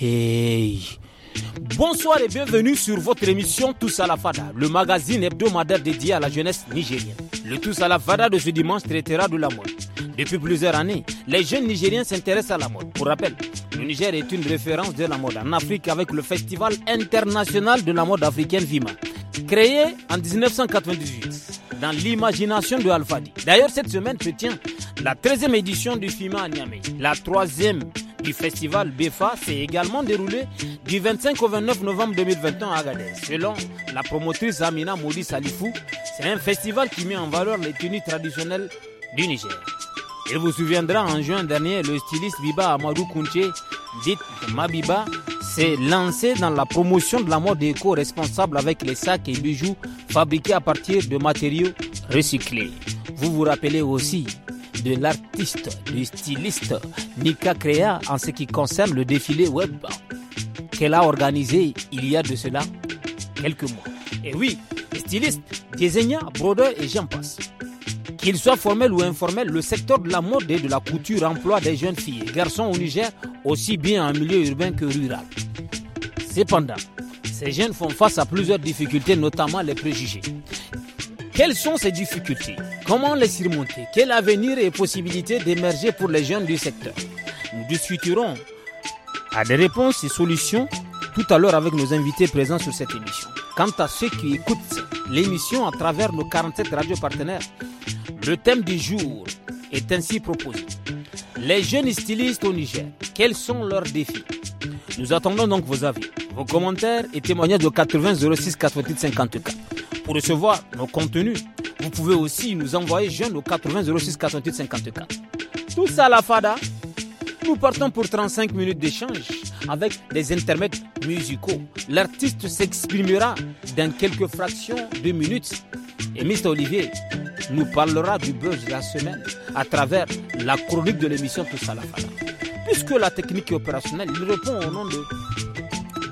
Hey. Bonsoir et bienvenue sur votre émission Tous à la Fada, le magazine hebdomadaire dédié à la jeunesse nigérienne. Le Tous à la Fada de ce dimanche traitera de la mode. Depuis plusieurs années, les jeunes Nigériens s'intéressent à la mode. Pour rappel, le Niger est une référence de la mode en Afrique avec le Festival international de la mode africaine VIMA, créé en 1998 dans l'imagination de Al Fadi D'ailleurs, cette semaine se tient la 13e édition du FIMA à Niamey, la troisième du festival BEFA s'est également déroulé du 25 au 29 novembre 2021 à Agadez. Selon la promotrice Amina Moudi Salifou, c'est un festival qui met en valeur les tenues traditionnelles du Niger. Il vous souviendra en juin dernier, le styliste Biba Amadou Kounché, dit Mabiba, s'est lancé dans la promotion de la mode éco-responsable avec les sacs et bijoux fabriqués à partir de matériaux recyclés. Vous vous rappelez aussi de l'artiste, du styliste Nika Crea en ce qui concerne le défilé web qu'elle a organisé il y a de cela quelques mois. Et eh oui, styliste, designer, brodeur et j'en passe. Qu'il soit formel ou informel, le secteur de la mode et de la couture emploie des jeunes filles et garçons au Niger, aussi bien en milieu urbain que rural. Cependant, ces jeunes font face à plusieurs difficultés, notamment les préjugés. Quelles sont ces difficultés Comment les surmonter Quel avenir et possibilités d'émerger pour les jeunes du secteur Nous discuterons à des réponses et solutions tout à l'heure avec nos invités présents sur cette émission. Quant à ceux qui écoutent l'émission à travers nos 47 radios partenaires, le thème du jour est ainsi proposé. Les jeunes stylistes au Niger, quels sont leurs défis Nous attendons donc vos avis, vos commentaires et témoignages de 80 06 88 54 pour recevoir nos contenus. Vous pouvez aussi nous envoyer jeune au 80 06 48 54. Tout à la fada. Nous partons pour 35 minutes d'échange avec des intermèdes musicaux. L'artiste s'exprimera dans quelques fractions de minutes. Et Mr. Olivier nous parlera du buzz de la semaine à travers la chronique de l'émission Tout à la fada. Puisque la technique est opérationnelle, il répond au nom de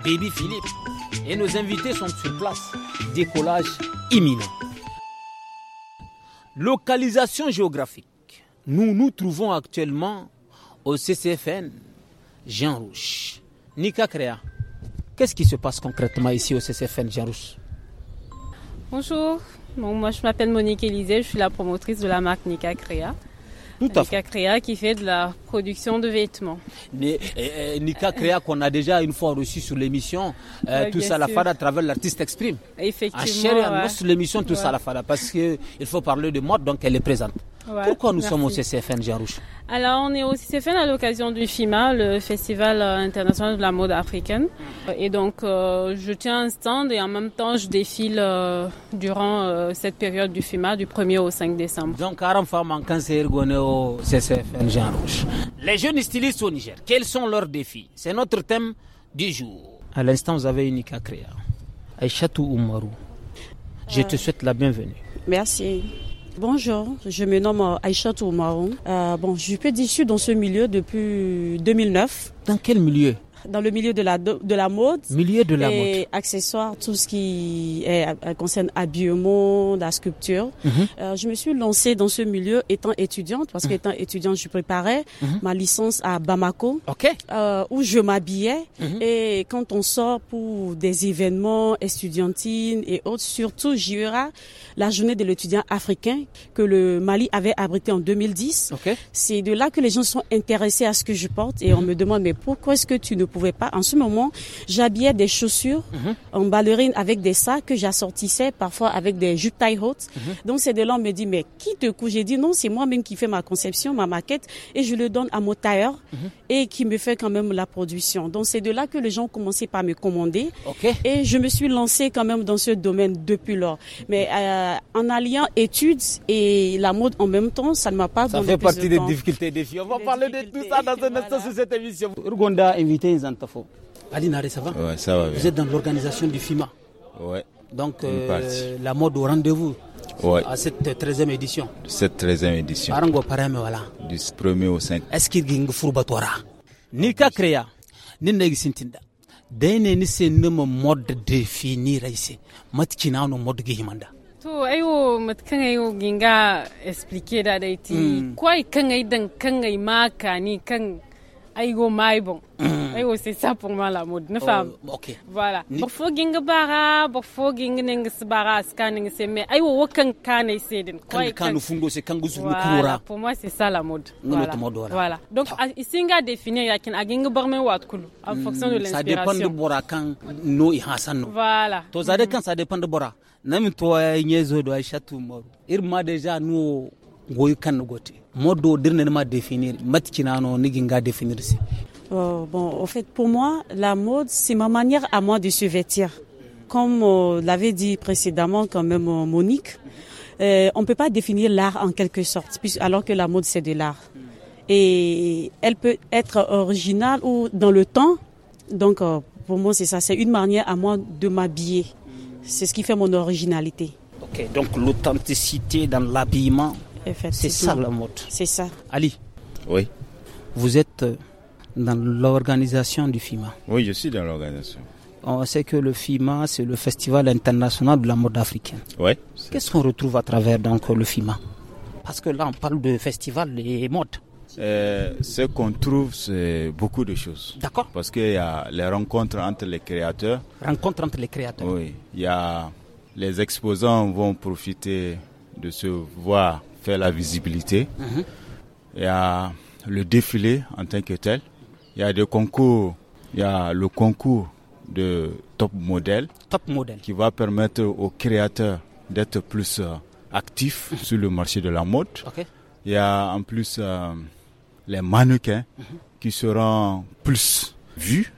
Baby Philippe. Et nos invités sont sur place décollage imminent. Localisation géographique. Nous nous trouvons actuellement au CCFN Jean Rouge. Nika Crea qu'est-ce qui se passe concrètement ici au CCFN Jean Rouge Bonjour, moi je m'appelle Monique Élisée, je suis la promotrice de la marque Nika Crea Nika Crea qui fait de la production de vêtements. Eh, eh, Nika Créa qu'on a déjà une fois reçu sur l'émission, euh, tout ça la fada à travers l'artiste exprime. Effectivement. À Chéri, sur l'émission tout ça la fada parce qu'il faut parler de mode donc elle est présente. Pourquoi nous sommes au CCFN, Jarouche Alors, on est au CCFN à l'occasion du FIMA, le Festival euh, international de la mode africaine. Mhm. Et donc, euh, je tiens un stand et en même temps, je défile euh, durant cette période du FIMA, du 1er au 5 décembre. Donc, 40 femmes en au CCFN, Jarouche. Les jeunes stylistes au Niger, quels sont leurs défis C'est notre thème du jour. À l'instant, vous avez une Créa, Aïchatou Oumarou. Je te souhaite la bienvenue. Merci. Bonjour, je me nomme Aïcha Tourmaron. Euh, bon, je suis dans ce milieu depuis 2009. Dans quel milieu dans le milieu de la, de la mode. Milieu de la et accessoires, tout ce qui est, euh, concerne habillement, la sculpture. Mhm. Euh, je me suis lancée dans ce milieu étant étudiante, parce mhm. qu'étant étudiante, je préparais mhm. ma licence à Bamako, euh, où je m'habillais. Et quand on sort pour des événements étudiantines et autres, surtout, j'y aura la journée de l'étudiant africain que le Mali avait abrité en 2010. C'est de là que les gens sont intéressés à ce que je porte et on me demande, mais pourquoi est-ce que tu ne pas. En ce moment, j'habillais des chaussures mhm. Mhm. en ballerine avec des sacs que j'assortissais parfois avec des jupes taille haute. Mhm. Donc c'est de là on me dit mais qui te couche J'ai dit non, c'est moi-même qui fais ma conception, ma maquette et je le donne à mon tailleur et qui me fait quand même la production. Donc c'est de là que les gens commençaient par me commander et je me suis lancée quand même dans ce domaine depuis lors. Mais euh, en alliant études et la mode en même temps, ça ne m'a pas ça fait partie des difficultés des filles. On va parler de tout ça dans un instant sur cette émission. Rwanda invité Aline Zantafo. ça va Ouais, ça va bien. Vous êtes dans l'organisation du FIMA. Ouais. Donc, euh, la mode au rendez-vous à cette 13e édition. Cette 13e édition. Arango Parame, voilà. Du 1er au 5. Est-ce qu'il y a fourbatoire Nika Créa, Nina Gisintinda. Dene ni se mode définir ici. Matkina no mode gihimanda. to aiwo matkan aiwo ginga explique da daiti hmm. kwai kan ai dan kan ai maka ni kan aigo ah, maibon aigo mm. eh, oh, c'est ça pour moi la mode ne oh, femme voilà pour fo ginga bara pour fo ginga bara sbara scanning c'est mais aigo ah, wokan kane c'est den quoi kan kan c'est kan pour moi c'est ça la mode voilà voilà donc singa définir yakin aginga barme wat kulu en mm, fonction de l'inspiration ça dépend de bora kan no i hasan voilà to zade mm. kan ça dépend de bora namin to nyezo do Il m'a irma déjà nous goy kan modo dernièrement définir définir si oh, bon en fait pour moi la mode c'est ma manière à moi de se vêtir comme euh, l'avait dit précédemment quand même euh, Monique euh, on ne peut pas définir l'art en quelque sorte alors que la mode c'est de l'art et elle peut être originale ou dans le temps donc pour moi c'est ça c'est une manière à moi de m'habiller c'est ce qui fait mon originalité ok donc l'authenticité dans l'habillement c'est ça la mode. C'est ça. Ali. Oui. Vous êtes euh, dans l'organisation du FIMA. Oui, je suis dans l'organisation. On sait que le FIMA, c'est le Festival international de la mode africaine. Oui. Qu'est-ce qu'on retrouve à travers le FIMA Parce que là, on parle de festival et mode. Euh, ce qu'on trouve, c'est beaucoup de choses. D'accord. Parce qu'il y a les rencontres entre les créateurs. Rencontres entre les créateurs. Oui. Il y a les exposants vont profiter de se voir la visibilité. Il y a le défilé en tant que tel. Il y a des concours. Il y le concours de top modèle. Top modèle. Qui va permettre aux créateurs d'être plus euh, actifs mhm. sur le marché de la mode. Il y a en plus euh, les mannequins mhm. qui seront plus vus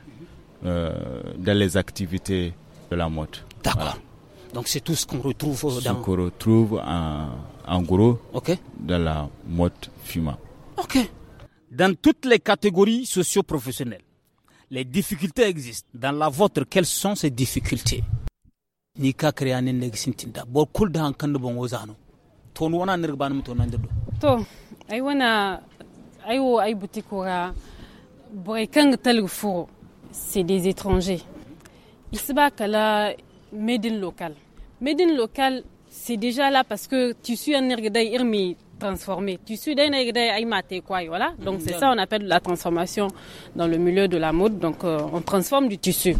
euh, dans les activités de la mode. D'accord. Donc c'est tout ce qu'on retrouve dans... Ce qu'on retrouve en, en gros okay. dans la mode fuma. Ok. Dans toutes les catégories socio-professionnelles, les difficultés existent. Dans la vôtre, quelles sont ces difficultés ni ka kare ne negi sintinda de kul da hankan bon wozano to no wana nirga to nan to ai wana butikura boy kang talgu c'est des étrangers isba kala Médine locale. local. locale, c'est déjà là parce que tu suis un ergday irmi transformé. Tu suis un ergday quoi, voilà. Donc c'est ça on appelle la transformation dans le milieu de la mode. Donc euh, on transforme du tissu.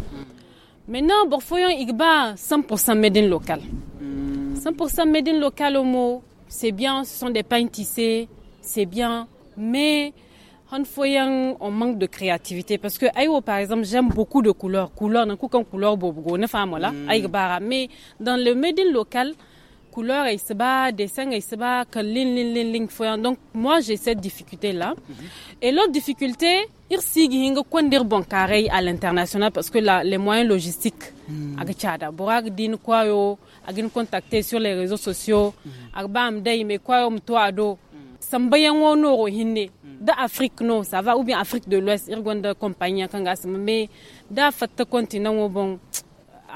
Maintenant, Borfoyon Igba, 100% médine locale. local. 100% médine locale local, mot, c'est bien, ce sont des pains tissés, c'est bien, mais on on manque de créativité parce que ayo par exemple j'aime beaucoup de couleurs couleurs on kukan couleur bobo ne famo mm. la bara mais dans le médium local couleurs, et se bat dessin et se bat que lin lin lin donc moi j'ai cette difficulté là mm-hmm. et l'autre difficulté il sigi quand kondir bon carré à l'international parce que la, les moyens logistiques sont mm. chada borag din yo agin contacter sur les réseaux sociaux mm-hmm. agbam day mais on mto ado sambayan wono rohine, hinne da afrique no ça va ou bien afrique de l'ouest irgonda compagnie kanga mais da fatta continent wo bon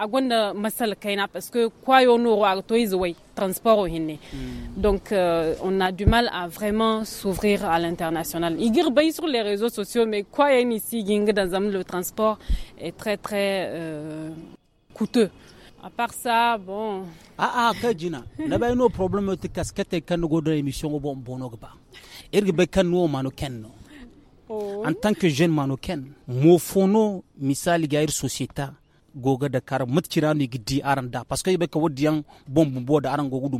agonda masal kaina parce que quoi yo no ro to transport rohine. hinne hmm. donc euh, on a du mal à vraiment s'ouvrir à l'international igir bay sur les réseaux sociaux mais quoi yen ici ging dans le transport est très très euh, coûteux à part ça bon Ah, ah, a ka jina laba ino problèmes te casquette go do émission go bon bono ba irga be kan no manu ken no en tant que jeune manu ken mo fono misali gair société goga de kar mat kirani gidi aranda. parce que be ka wodiyan bon bon bo da aran go du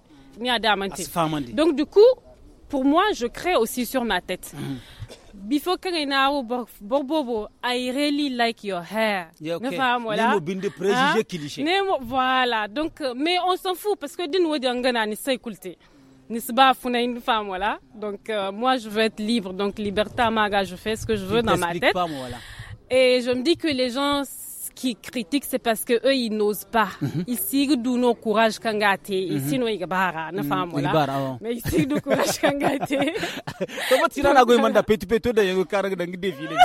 Donc du coup, pour moi, je crée aussi sur ma tête. Mm. before kare na i really like your hair yeah, okay. ne ne hein? ne voilà donc mais on s'en fout parce que din wodi ngana ni say kulté ni sba funa une femme voilà donc euh, moi je veux être libre donc liberté maga je fais ce que je veux dans ma tête et je me dis que les gens qui critique, c'est parce que eux ils n'osent pas. Mhm. Ici, d'où nos courage kangate. Ici, mhm. nous igabara, na mhm. là. Oh. Mais ici, du courage kangaté. Comment tu n'as pas manda petit petit de yango karang le défilé.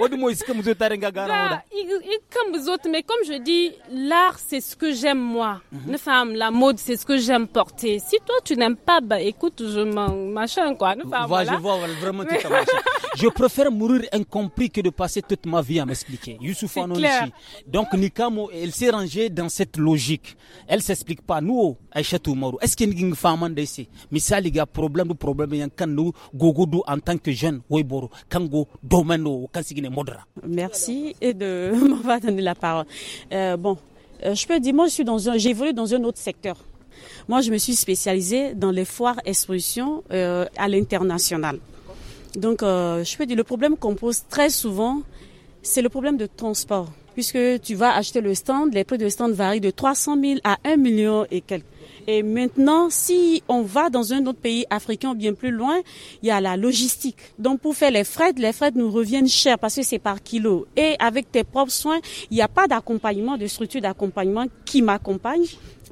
Odu mo iska muzo tarenga gara. Comme vous autres, mais comme je dis, l'art c'est ce que j'aime moi. Une femme, la mode c'est ce que j'aime porter. Si toi tu n'aimes pas, bah écoute, je m'en machin quoi. Va, je vois vraiment tout ça. Je préfère mourir incompris que de passer toute ma vie à m'expliquer. Youssouf Anon ici. Donc Nikamo, elle s'est rangée dans cette logique. Elle s'explique pas. Nous, Aïcha Toumarou, est-ce qu'il y a une femme ici Mais ça, les gars, problème, problème, il y a quand nous, en tant que jeune, Weiboro, Kango, Domeno, Kansigine Modra. Merci et de m'avoir donné la parole. Euh, bon, euh, je peux dire, moi, je suis dans un, dans un autre secteur. Moi, je me suis spécialisée dans les foires expositions euh, à l'international. Donc, je peux dire, le problème qu'on pose très souvent, c'est le problème de transport puisque tu vas acheter le stand, les prix de stand varient de 300 000 à 1 million et quelques. Et maintenant, si on va dans un autre pays africain bien plus loin, il y a la logistique. Donc pour faire les frais, les frais nous reviennent chers parce que c'est par kilo. Et avec tes propres soins, il n'y a pas d'accompagnement, de structure d'accompagnement qui m'accompagne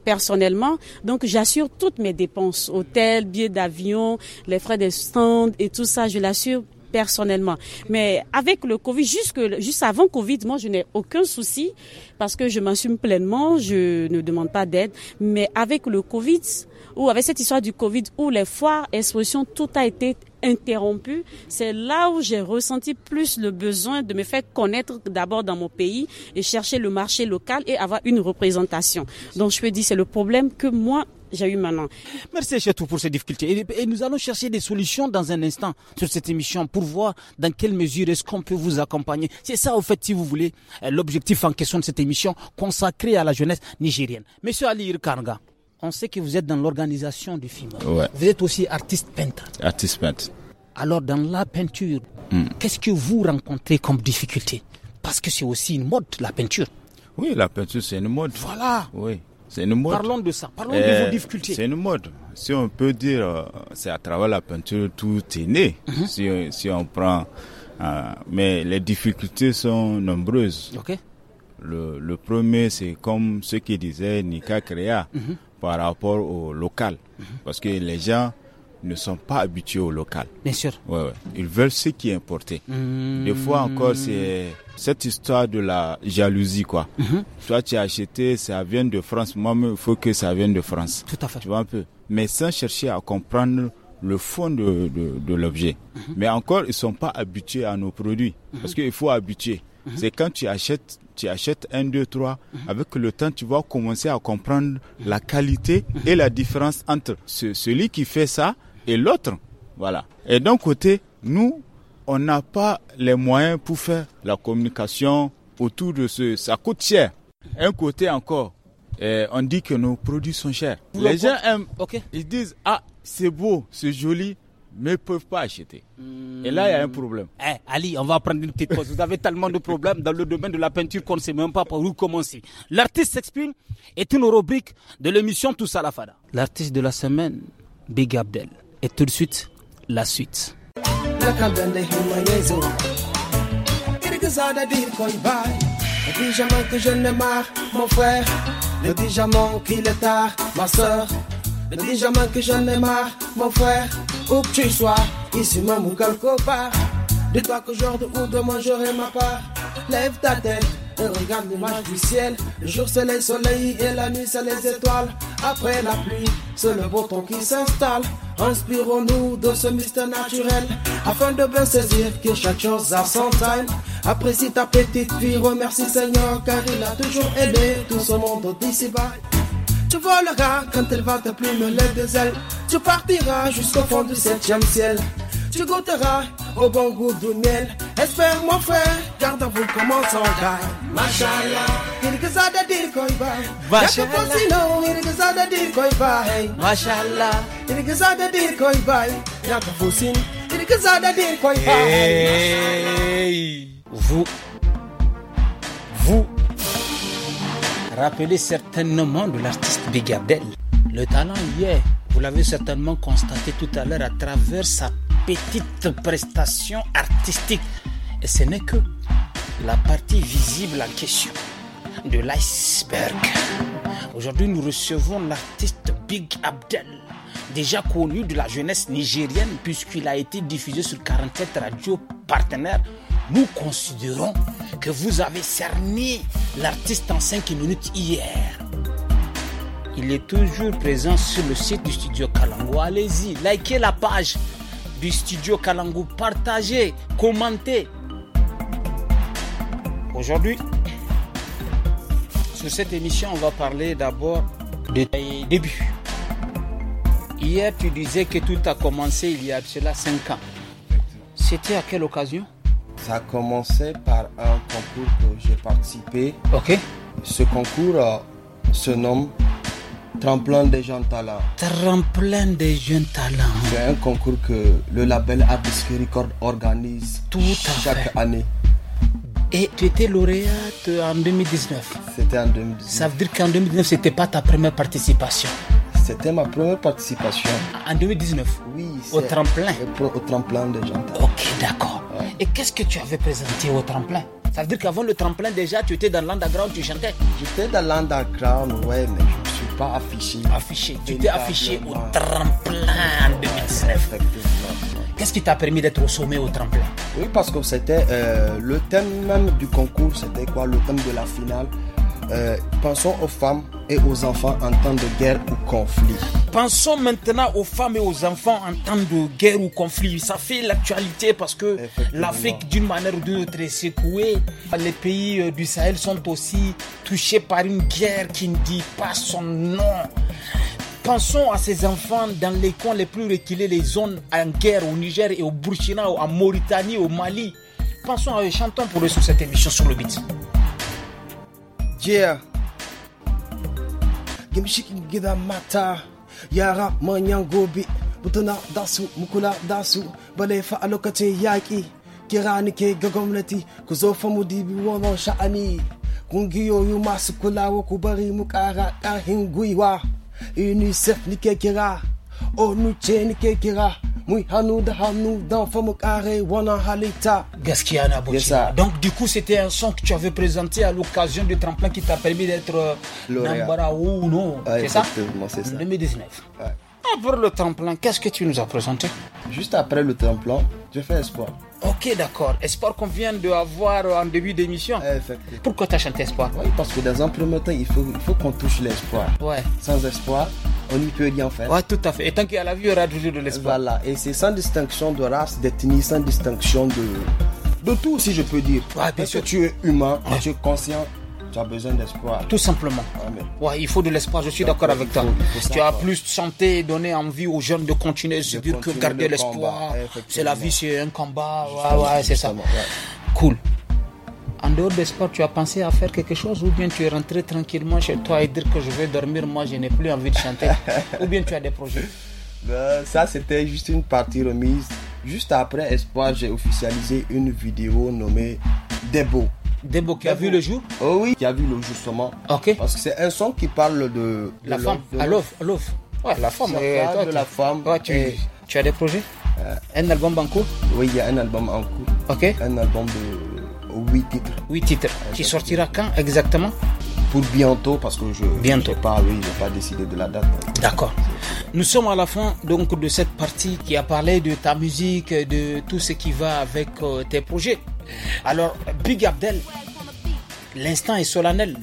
personnellement. Donc, j'assure toutes mes dépenses, hôtel, billets d'avion, les frais des stands et tout ça, je l'assure personnellement. Mais avec le Covid, jusque, juste avant Covid, moi, je n'ai aucun souci parce que je m'assume pleinement, je ne demande pas d'aide. Mais avec le Covid, ou avec cette histoire du Covid, où les foires, expositions, tout a été interrompu, c'est là où j'ai ressenti plus le besoin de me faire connaître d'abord dans mon pays et chercher le marché local et avoir une représentation. Donc je peux dire c'est le problème que moi j'ai maintenant. Merci Chetou pour ces difficultés. Et, nous allons chercher des solutions dans un instant sur cette émission pour voir dans quelle mesure est-ce qu'on peut vous accompagner. C'est ça, au fait, si vous voulez, euh, l'objectif en question de cette émission consacrée à la jeunesse nigérienne. Monsieur Ali Irkanga, on sait que vous êtes dans l'organisation du film. Vous êtes aussi artiste peintre. Artiste peintre. Alors, dans la peinture, hmm. qu'est-ce que vous rencontrez comme difficulté Parce que c'est aussi une mode, la peinture. Oui, la peinture, c'est une mode. Voilà. Oui. C'est une mode. Parlons de ça, parlons de vos euh, difficultés. C'est une mode. Si on peut dire, euh, c'est à travers la peinture tout est né. Mhm. si, on prend. Euh, mais les difficultés sont nombreuses. Ok. Le, le, premier, c'est comme ce qu'il disait Nika Créa mhm. par rapport au local. Mhm. Parce que les gens ne sont pas habitués au local. Bien sûr. Ouais, Ils veulent ce qui est importé. Hmm. Des fois encore, c'est cette histoire de la jalousie, quoi. Mhm. Toi, tu as acheté, ça vient de France. Moi, il faut que ça vienne de France. Tout à fait. Tu vois un peu. Mais sans chercher à comprendre le fond de, de, l'objet. Mhm. Mais encore, ils sont pas habitués à nos produits. Mhm. Parce qu'il faut habituer. C'est quand tu achètes tu achètes 1, 2, Avec le temps, tu vas commencer à comprendre la qualité et la différence entre celui qui fait ça et l'autre. Voilà. Et d'un côté, nous, on n'a pas les moyens pour faire la communication autour de ce. Ça coûte cher. Un côté encore, eh, on dit que nos produits sont chers. les gens aiment. Ils disent Ah, c'est beau, c'est joli, mais ne peuvent pas acheter. Et là, il y a un hmm. problème. Eh, Ali, on va prendre une petite pause. Vous avez tellement de problèmes dans le domaine de la peinture qu'on ne sait même pas par où commencer. L'artiste s'exprime est une rubrique de l'émission Tout Fada. L'artiste de la semaine, Big Abdel. Et tout de suite, la suite. Le diamant que je ne marre, mon frère. Le diamant qu'il est tard, ma soeur. Le diamant que je ne marre, mon frère. Où que tu sois, ici même ou quelque part. De toi qu'aujourd'hui ou moi j'aurai ma part. Lève ta tête et regarde l'image du ciel. Le jour c'est le soleil et la nuit c'est les étoiles. Après la pluie, c'est le beau temps qui s'installe. Inspirons-nous de ce mystère naturel afin de bien saisir que chaque chose a son time. Apprécie ta petite fille, remercie Seigneur car il a toujours aidé tout ce monde d'ici-bas. Tu voleras quand elle va te plumer les deux ailes. Tu partiras jusqu'au fond du septième ciel. Tu goûteras au bon goût du miel. Espère mon frère, garde vous comment on gars. Machallah, il que ça de dire quoi y va. Machallah, il que ça de dire qu'on va. Machallah, il que ça de dire qu'on va. Y'a que vous signe, il que ça de dire qu'on va. Vous, vous, rappelez certainement de l'artiste Bigardel. Le talent y est. Vous l'avez certainement constaté tout à l'heure à travers sa petite prestation artistique. Et ce n'est que la partie visible en question de l'iceberg. Aujourd'hui, nous recevons l'artiste Big Abdel, déjà connu de la jeunesse nigérienne puisqu'il a été diffusé sur 47 radios partenaires. Nous considérons que vous avez cerné l'artiste en 5 minutes hier. Il est toujours présent sur le site du studio Kalango. Allez-y, likez la page studio Kalangu. Partagez, commentez. Aujourd'hui, sur cette émission, on va parler d'abord des débuts. Hier, tu disais que tout a commencé il y a cela cinq ans. C'était à quelle occasion Ça a commencé par un concours que j'ai participé. Ok. Ce concours euh, se nomme Tremplin des jeunes talents. Tremplin des jeunes talents. C'est un concours que le label Abisque Record organise chaque année. Et tu étais lauréate en 2019. C'était en 2019. Ça veut dire qu'en 2019, ce n'était pas ta première participation. C'était ma première participation. En 2019 Oui. Au tremplin Au tremplin des jeunes talents. Ok, d'accord. Et qu'est-ce que tu avais présenté au tremplin Ça veut dire qu'avant le tremplin, déjà, tu étais dans l'underground, tu chantais J'étais dans l'underground, ouais, mais pas affiché. Affiché. Tu t'es affiché au tremplin en Qu'est-ce qui t'a permis d'être au sommet au tremplin Oui, parce que c'était euh, le thème même du concours, c'était quoi Le thème de la finale. Euh, pensons aux femmes et aux enfants en temps de guerre ou conflit. Pensons maintenant aux femmes et aux enfants en temps de guerre ou conflit. Ça fait l'actualité parce que l'Afrique, d'une manière ou d'une autre, est secouée. Les pays euh, du Sahel sont aussi touchés par une guerre qui ne dit pas son nom. Pensons à ces enfants dans les coins les plus reculés, les zones en guerre au Niger et au Burkina, en Mauritanie, au Mali. Pensons à eux, chantons pour eux sur cette émission sur le bit. Yeah. Gemshikin gida mata. Yara manyan gobe. Butuna dasu, mukula dasu. Balefa a lokacin yaƙi. Kira nike ga gwamnati. Ku zo fa mu dibi wannan sha'ani. Kungiyoyi masu kulawa ku bari mu ƙara gwiwa. UNICEF nike kira. ONU ce kira. Oui, Hanouda, Hanouda, hannu don famu kare wannan donc du coup c'était un son que tu avais présenté à l'occasion du tremplin qui t'a permis d'être euh, Nambarao. ou non c'est ça c'est ça 2019 après le tremplin qu'est-ce que tu nous as présenté juste après le tremplin j'ai fait espoir Ok, d'accord. Espoir qu'on vient de avoir en début d'émission. Ah, Pourquoi tu as chanté Espoir Oui, parce que dans un premier temps, il faut, il faut qu'on touche l'espoir. Ouais. Sans espoir, on n'y peut rien faire. Oui, tout à fait. Et tant qu'il y a la vie, il y aura toujours de l'espoir. Voilà. Et c'est sans distinction de race, d'ethnie, sans distinction de, de tout, si je peux dire. Parce que tu es humain, tu es conscient tu as besoin d'espoir. Tout simplement. il faut de l'espoir, je suis d'accord avec toi. Tu as plus santé, donner envie aux jeunes de continuer, de dire que garder l'espoir. C'est la vie, c'est un combat. Ouais, ouais, c'est ça. Cool. En dehors d'espoir, tu as pensé à faire quelque chose ou bien tu es rentré tranquillement chez toi et dire que je vais dormir, moi je n'ai plus envie de chanter ou bien tu as des projets ben, Ça, c'était juste une partie remise. Juste après Espoir, j'ai officialisé une vidéo nommée Des Dembo qui a vu le jour Oh oui, qui a vu le jour justement. Ok. Parce que c'est un son qui parle de, la femme, à l'offre, Ouais, la femme. Euh, toi, de tu... la femme. tu, as des projets euh, Un album en cours Oui, il y a un album en cours. Ok. Un album de 8 titres. 8 titres. Qui sortira quand exactement bientôt parce que je bientôt pas pas décidé de la date. D'accord. Nous sommes à la fin donc de cette partie qui a parlé de ta musique, de tout ce qui va avec euh, tes projets. Alors Big Abdel, l'instant est solennel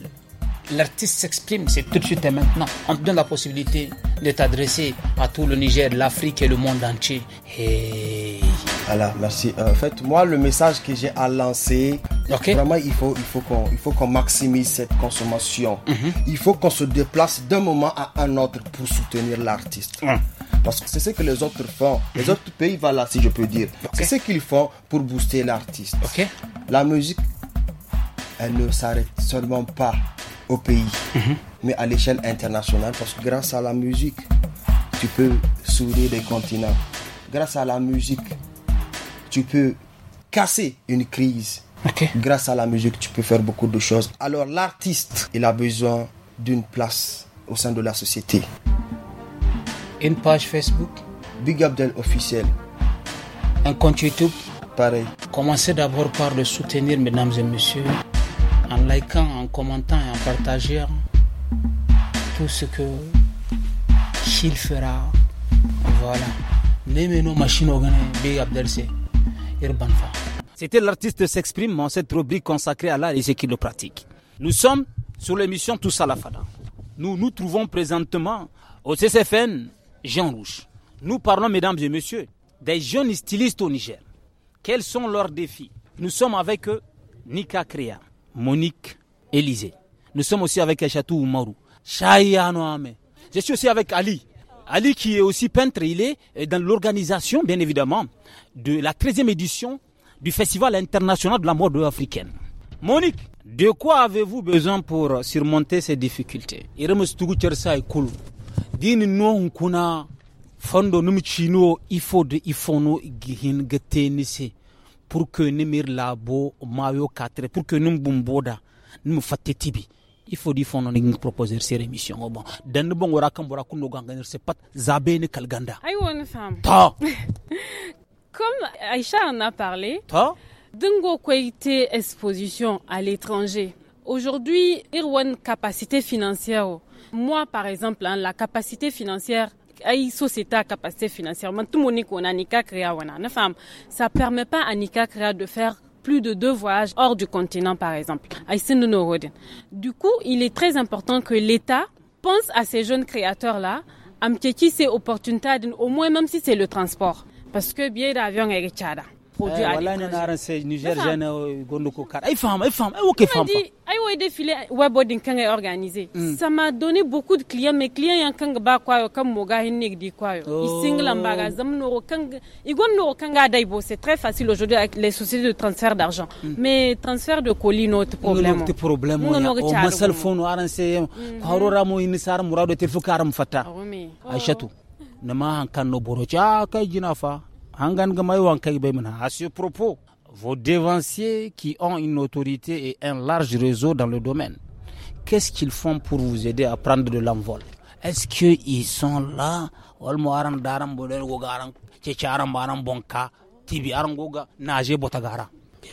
l'artiste s'exprime, c'est tout de suite et maintenant. On te donne la possibilité de t'adresser à tout le Niger, l'Afrique et le monde entier. Voilà, merci. Euh, en fait, moi, le message que j'ai à lancer, vraiment, il faut, il faut qu'on, maximise cette consommation. Mhm. Il faut qu'on se déplace d'un moment à un autre pour soutenir l'artiste. Parce que c'est ce que les autres font. Les mhm. autres pays, voilà, si je peux dire. C'est ce qu'ils font pour booster l'artiste. La musique, elle ne s'arrête seulement pas au pays, mhm. mais à l'échelle internationale, parce que grâce à la musique, tu peux sourire des continents. Grâce à la musique, tu peux casser une crise. Grâce à la musique, tu peux faire beaucoup de choses. Alors l'artiste, il a besoin d'une place au sein de la société. Une page Facebook Big Abdel officiel. Un compte YouTube Pareil. Commencez d'abord par le soutenir, mesdames et messieurs en likant, en commentant et en partageant tout ce que Chil fera. Voilà. C'était l'artiste s'exprime dans cette rubrique consacrée à l'art et qui le pratique. Nous sommes sur l'émission Tous la Fada. Nous nous trouvons présentement au CCFN Jean Rouge. Nous parlons, mesdames et messieurs, des jeunes stylistes au Niger. Quels sont leurs défis Nous sommes avec eux, Nika Kriya. Monique Élysée. Nous sommes aussi avec Chaïa Noame. Je suis aussi avec Ali. Ali qui est aussi peintre, il est euh, dans l'organisation, bien évidemment, de la 13e édition du Festival international de la mode africaine. Monique, de quoi avez-vous besoin pour surmonter ces difficultés de pour que ne mir labo mayo katre pour que nous bumboda nous fatte il faut di qu'on ngi proposer ces émissions oh bon den bon wara kam wara kuno ganganir c'est pas zabe ne kalganda ay wona fam ta comme Aïcha en a parlé ta dingo koité exposition à l'étranger aujourd'hui irwan capacité financière moi par exemple hein, la capacité financière ai société à capacité financièrement tout monde on a nika créa wana na femme ça permet pas à nika créa de faire plus de deux voyages hors du continent par exemple du coup il est très important que l'état pense à ces jeunes créateurs là amteki ces opportunités au moins même si c'est le transport parce que bien d'avion est eh, produit ay wala na ran se niger jana eh, gondo ko kar ay fam ay fam eh, ay woke fam ay way défilé webodin kan ay hmm. ça m'a donné beaucoup de clients mes clients yan kan ba kwayo kan mo ga hin nek di kwayo i oh. single mbaga zam no kan i gondo kan ga c'est très facile aujourd'hui avec les sociétés de transfert d'argent hmm. mais transfert de colis notre problème notre problème on a masal fono aran se hmm. kwaro ramo hin sar murado te fukaram fata ah aishatu oh. na ma hankan no borocha kai jinafa à ce propos, vos devanciers qui ont une autorité et un large réseau dans le domaine, qu'est-ce qu'ils font pour vous aider à prendre de l'envol Est-ce qu'ils sont là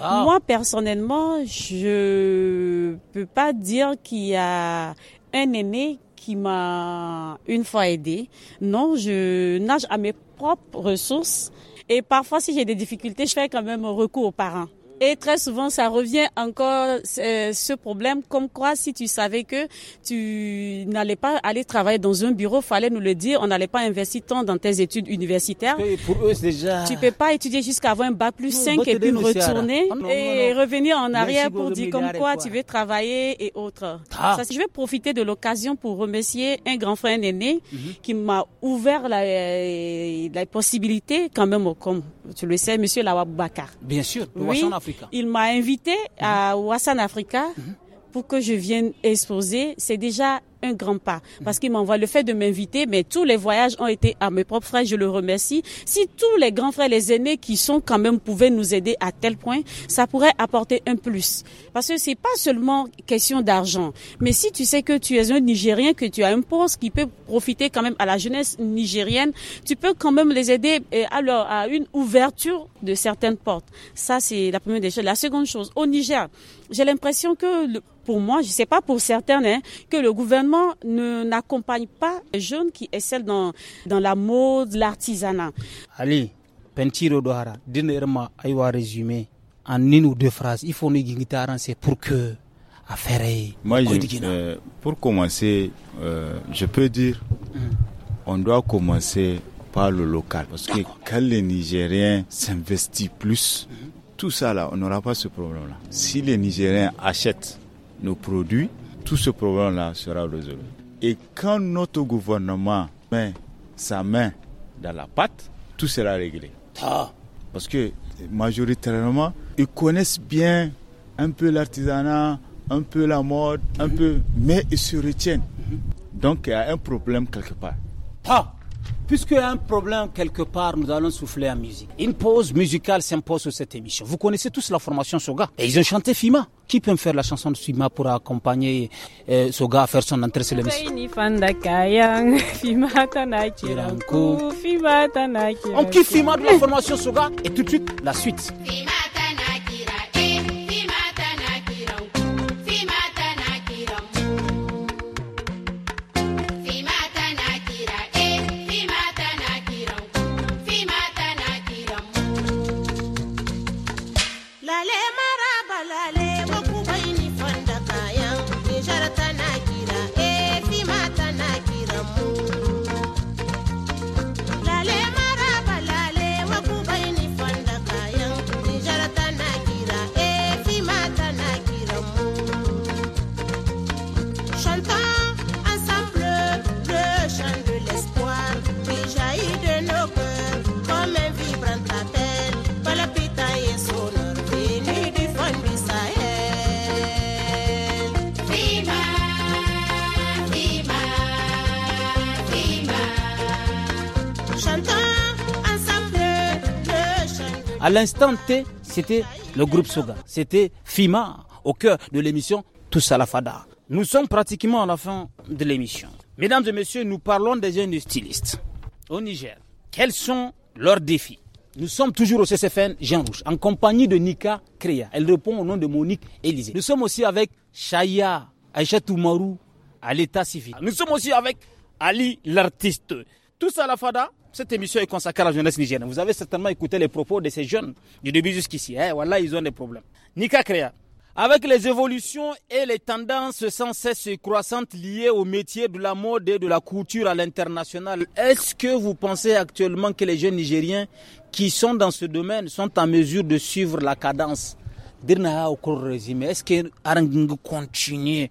ah. moi, personnellement, je peux pas dire qu'il y a un aîné qui m'a une fois aidé. Non, je nage à mes propres ressources et parfois, si j'ai des difficultés, je fais quand même recours aux parents. Et très souvent, ça revient encore euh, ce problème, comme quoi si tu savais que tu n'allais pas aller travailler dans un bureau, fallait nous le dire, on n'allait pas investir tant dans tes études universitaires. Et pour eux, déjà... Tu peux pas étudier jusqu'à avoir un bac plus 5 et puis retourner ah, et revenir en arrière pour dire comme quoi, tu veux travailler et autres. Ah. Ça, je vais profiter de l'occasion pour remercier un grand frère aîné mhm. qui m'a ouvert euh, la, possibilité quand même, comme tu le sais, Monsieur Lawabou Bakar. Bien sûr. Oui. Il m'a invité à Wassan Africa mhm. pour que je vienne exposer. C'est déjà un grand pas parce qu'il m'envoie le fait de m'inviter, mais tous les voyages ont été à mes propres frères, je le remercie. Si tous les grands frères, les aînés qui sont quand même pouvaient nous aider à tel point, ça pourrait apporter un plus. Parce que c'est pas seulement question d'argent, mais si tu sais que tu es un Nigérien, que tu as un poste qui peut profiter quand même à la jeunesse nigérienne, tu peux quand même les aider à, euh, à une ouverture de certaines portes. Ça, c'est la première des choses. La seconde chose, au Niger, j'ai l'impression que le pour moi, je ne sais pas pour certains, hein, que le gouvernement ne n'accompagne pas les jeunes qui essaient dans, dans la mode, l'artisanat. Allez, Pentiro Dohara, dernièrement, il va résumer en une ou deux phrases. Il faut nous guider c'est pour que affaire Moi, je, euh, pour commencer, euh, je peux dire, hmm. on doit commencer par le local, parce que quand les Nigériens s'investissent plus, hmm. tout ça là, on n'aura pas ce problème là. Si les Nigériens achètent nos produits, tout ce problème-là sera résolu. Et quand notre gouvernement met sa main dans la pâte, tout sera réglé. Ah. Parce que majoritairement, ils connaissent bien un peu l'artisanat, un peu la mode, un mhm. peu, mais ils se retiennent. Donc il y a un problème quelque part. Ah. Puisqu'il y a un problème quelque part, nous allons souffler en musique. Une pause musicale s'impose sur cette émission. Vous connaissez tous la formation Soga. Et ils ont chanté Fima. Qui peut me faire la chanson de Fima pour accompagner euh, Soga à faire son entrée sur l'émission On kiffe Fima de la formation Soga et tout de suite la suite. À l'instant T, c'était le groupe Soga. C'était FIMA au cœur de l'émission Tous à la Fada. Nous sommes pratiquement à la fin de l'émission. Mesdames et messieurs, nous parlons des jeunes stylistes au Niger. Quels sont leurs défis Nous sommes toujours au CCFN Jean Rouge, en compagnie de Nika Kreya. Elle répond au nom de Monique Elise. Nous sommes aussi avec Chaya Aïcha à l'état civil. Nous sommes aussi avec Ali l'artiste. Tous à la Fada, cette émission est consacrée à la jeunesse nigérienne. Vous avez certainement écouté les propos de ces jeunes du début jusqu'ici. Eh, voilà, ils ont des problèmes. Nika Krea, Avec les évolutions et les tendances sans cesse croissantes liées au métier de la mode et de la culture à l'international, est-ce que vous pensez actuellement que les jeunes Nigériens qui sont dans ce domaine sont en mesure de suivre la cadence est-ce que arangingu continuer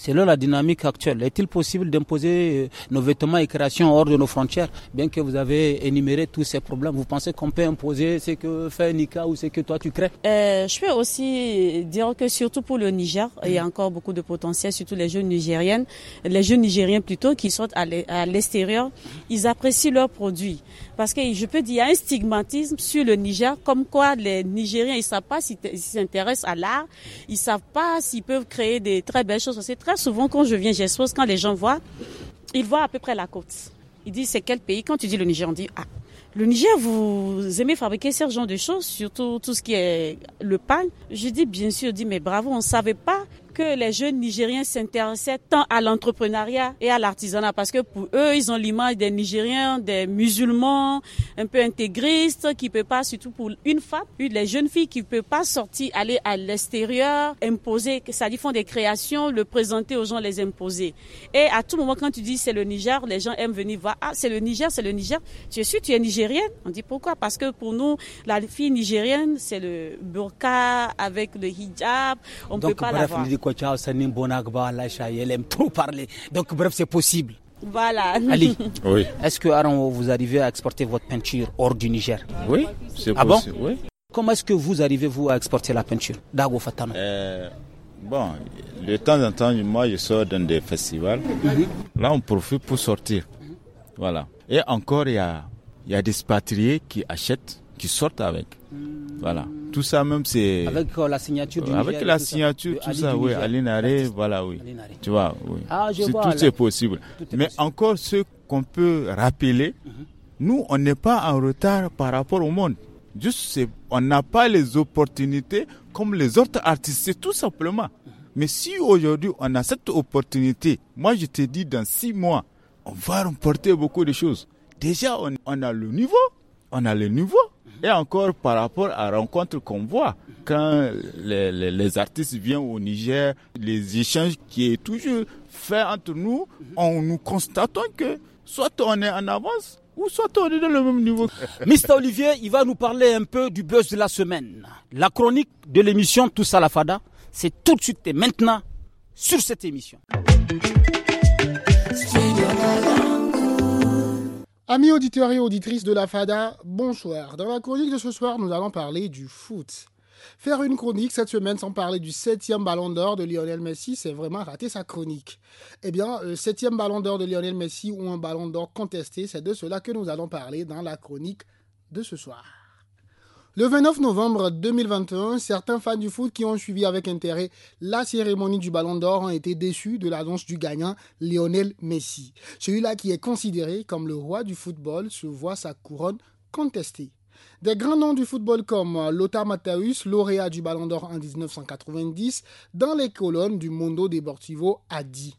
C'est là la dynamique actuelle, est-il possible d'imposer euh, nos vêtements et créations hors de nos frontières Bien que vous avez énuméré tous ces problèmes, vous pensez qu'on peut imposer ce que fait Nika ou ce que toi tu crées euh, Je peux aussi dire que surtout pour le Niger, il y a encore beaucoup de potentiel, surtout les jeunes nigériennes, les jeunes nigériens plutôt qui sont à l'extérieur, ils apprécient leurs produits. Parce que je peux dire, il y a un stigmatisme sur le Niger, comme quoi les Nigériens, ils ne savent pas s'ils s'intéressent à l'art, ils ne savent pas s'ils peuvent créer des très belles choses. aussi, très souvent, quand je viens, j'expose, quand les gens voient, ils voient à peu près la côte. Ils disent c'est quel pays Quand tu dis le Niger, on dit ah. Le Niger, vous aimez fabriquer ce genre de choses, surtout tout ce qui est le pain. Je dis bien sûr, dit mais bravo, on ne savait pas que les jeunes Nigériens s'intéressaient tant à l'entrepreneuriat et à l'artisanat parce que pour eux, ils ont l'image des Nigériens, des musulmans, un peu intégristes, qui ne peuvent pas, surtout pour une femme, les jeunes filles qui ne peuvent pas sortir, aller à l'extérieur, imposer, ça dit, font des créations, le présenter aux gens, les imposer. Et à tout moment, quand tu dis c'est le Niger, les gens aiment venir voir, ah, c'est le Niger, c'est le Niger. Tu es sûr, tu es nigérienne? On dit pourquoi? Parce que pour nous, la fille nigérienne, c'est le burqa avec le hijab. On ne peut pas l'avoir aime trop parler. Donc bref, c'est possible. Voilà. Ali, oui. est-ce que vous arrivez à exporter votre peinture hors du Niger Oui, c'est ah possible. oui. Comment est-ce que vous arrivez vous à exporter la peinture Dago euh, Bon, de temps en temps, moi je sors dans des festivals. Mhm. Là, on profite pour sortir. Mhm. Voilà. Et encore, il y a, y a des expatriés qui achètent qui sortent avec. Voilà. Tout ça même c'est avec euh, la signature du avec la signature tout ça, oui arrive, voilà oui tu vois oui ah, tout, est possible. mais encore ce qu'on peut rappeler mhm. nous on n'est pas en retard par rapport au monde juste on n'a pas les opportunités comme les autres artistes c'est tout simplement mhm. mais si aujourd'hui on a cette opportunité moi je te dis dans six mois on va remporter beaucoup de choses déjà on a le niveau on a le niveau Mhm. Et encore par rapport à rencontre qu'on voit, quand les, les, artistes viennent au Niger, les échanges qui est toujours fait entre nous, on mhm. nous constatons que soit on est en avance, ou soit on est dans le même niveau. Mr. Olivier, il va nous parler un peu du buzz de la semaine. La chronique de l'émission tout à la Fada, c'est tout de suite et maintenant sur cette émission. Amis auditeurs et auditrices de la FADA, bonsoir. Dans la chronique de ce soir, nous allons parler du foot. Faire une chronique cette semaine sans parler du 7e ballon d'or de Lionel Messi, c'est vraiment rater sa chronique. Eh bien, le euh, 7e ballon d'or de Lionel Messi ou un ballon d'or contesté, c'est de cela que nous allons parler dans la chronique de ce soir. Le 29 novembre 2021, certains fans du foot qui ont suivi avec intérêt la cérémonie du Ballon d'Or ont été déçus de l'annonce du gagnant Lionel Messi. Celui-là qui est considéré comme le roi du football se voit sa couronne contestée. Des grands noms du football comme euh, Lothar Matthäus, lauréat du Ballon d'Or en 1990, dans les colonnes du Mondo Deportivo, a dit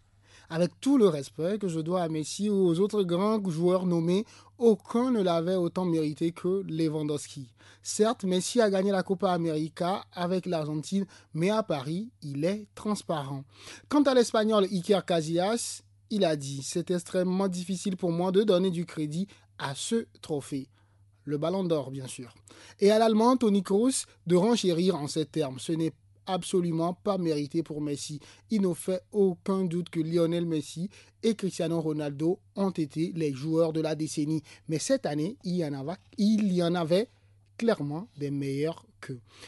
Avec tout le respect que je dois à Messi ou aux autres grands joueurs nommés aucun ne l'avait autant mérité que Lewandowski. Certes, Messi a gagné la Copa América avec l'Argentine, mais à Paris, il est transparent. Quant à l'Espagnol Iker Casillas, il a dit C'est extrêmement difficile pour moi de donner du crédit à ce trophée. Le ballon d'or, bien sûr. Et à l'allemand, Tony Kroos, de renchérir en ces termes Ce n'est absolument pas mérité pour Messi. Il ne fait aucun doute que Lionel Messi et Cristiano Ronaldo ont été les joueurs de la décennie. Mais cette année, il y en avait, il y en avait clairement des meilleurs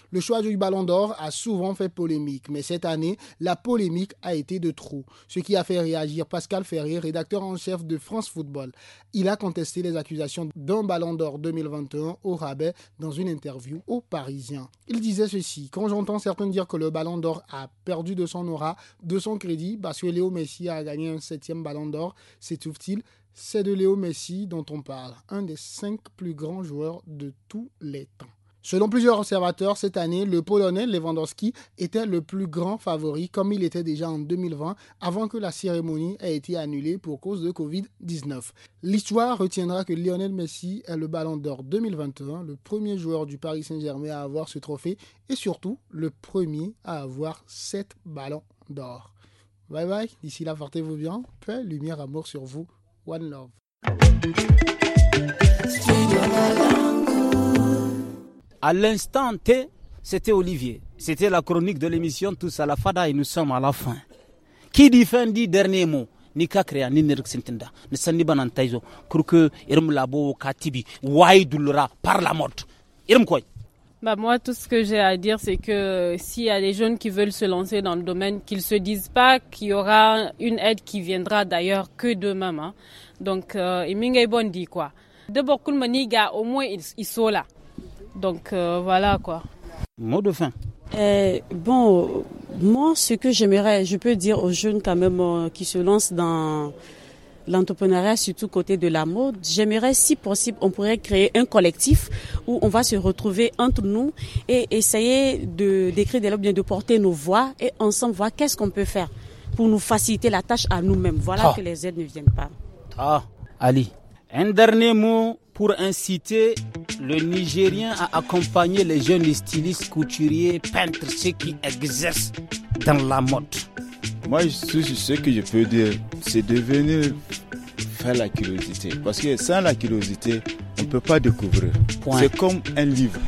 le choix du Ballon d'Or a souvent fait polémique, mais cette année, la polémique a été de trop, ce qui a fait réagir Pascal Ferrier, rédacteur en chef de France Football. Il a contesté les accusations d'un Ballon d'Or 2021 au rabais dans une interview aux Parisiens. Il disait ceci Quand j'entends certains dire que le Ballon d'Or a perdu de son aura, de son crédit, parce que Léo Messi a gagné un septième Ballon d'Or, s'étouffe-t-il c'est de Léo Messi dont on parle, un des cinq plus grands joueurs de tous les temps. Selon plusieurs observateurs, cette année, le Polonais Lewandowski était le plus grand favori, comme il était déjà en 2020, avant que la cérémonie ait été annulée pour cause de Covid-19. L'histoire retiendra que Lionel Messi est le Ballon d'Or 2021, le premier joueur du Paris Saint-Germain à avoir ce trophée et surtout le premier à avoir sept ballons d'or. Bye bye, d'ici là, portez-vous bien. Paix, lumière, amour sur vous. One love. À l'instant T, c'était Olivier. C'était la chronique de l'émission Tous à la Fada et nous sommes à la fin. Qui dit fin dit dernier mot ni ni ni que labo katibi par la mort bah moi, tout ce que j'ai à dire, c'est que euh, s'il y a des jeunes qui veulent se lancer dans le domaine, qu'ils se disent pas qu'il y aura une aide qui viendra d'ailleurs que de maman. Donc, euh, Imingay dit quoi. De beaucoup de maniga, au moins, ils sont là. Donc euh, voilà quoi. Mot de fin. Eh, bon, moi, ce que j'aimerais, je peux dire aux jeunes quand même euh, qui se lancent dans l'entrepreneuriat, surtout côté de la mode, j'aimerais, si possible, on pourrait créer un collectif où on va se retrouver entre nous et essayer de d'écrire des lobes, de porter nos voix et ensemble voir qu'est-ce qu'on peut faire pour nous faciliter la tâche à nous-mêmes. Voilà ah. que les aides ne viennent pas. Ah, Ali, un dernier mot pour inciter le Nigérien à accompagner les jeunes stylistes, couturiers, peintres, ceux qui exercent dans la mode Moi, ce, ce que je peux dire, c'est de venir faire la curiosité. Parce que sans la curiosité, on ne peut pas découvrir. C'est comme un livre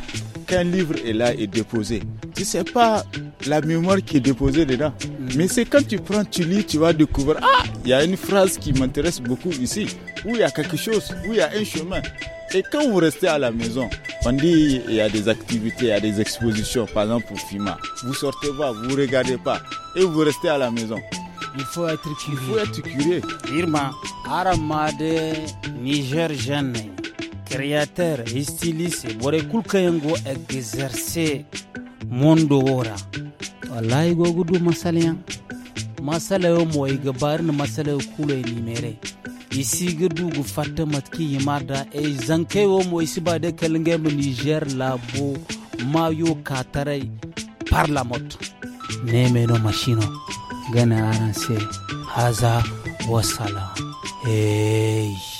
qu'un livre est là et déposé. Tu sais pas la mémoire qui est déposée dedans. Mais c'est quand tu prends, tu lis, tu vas découvrir, ah, il y a une phrase qui m'intéresse beaucoup ici, où il y a quelque chose, où il y a un chemin. Et quand vous restez à la maison, on dit il y a des activités, il y a des expositions, par exemple pour FIMA. Vous sortez pas, vous regardez pas, et vous restez à la maison. Il faut être curieux. Il faut être curieux. Irma, Aramade, Niger, créateur et stylistes bore kulkayango exercer mondo wora wallahi gogu du masaliyan masala yo mo gbar na masala yo kulo ni mere isi ga gu fatta matki yimada e zanke yo mo isi ba de kalnge mu niger labo mayo la parlamot neme no machino gana aranse haza wasala hey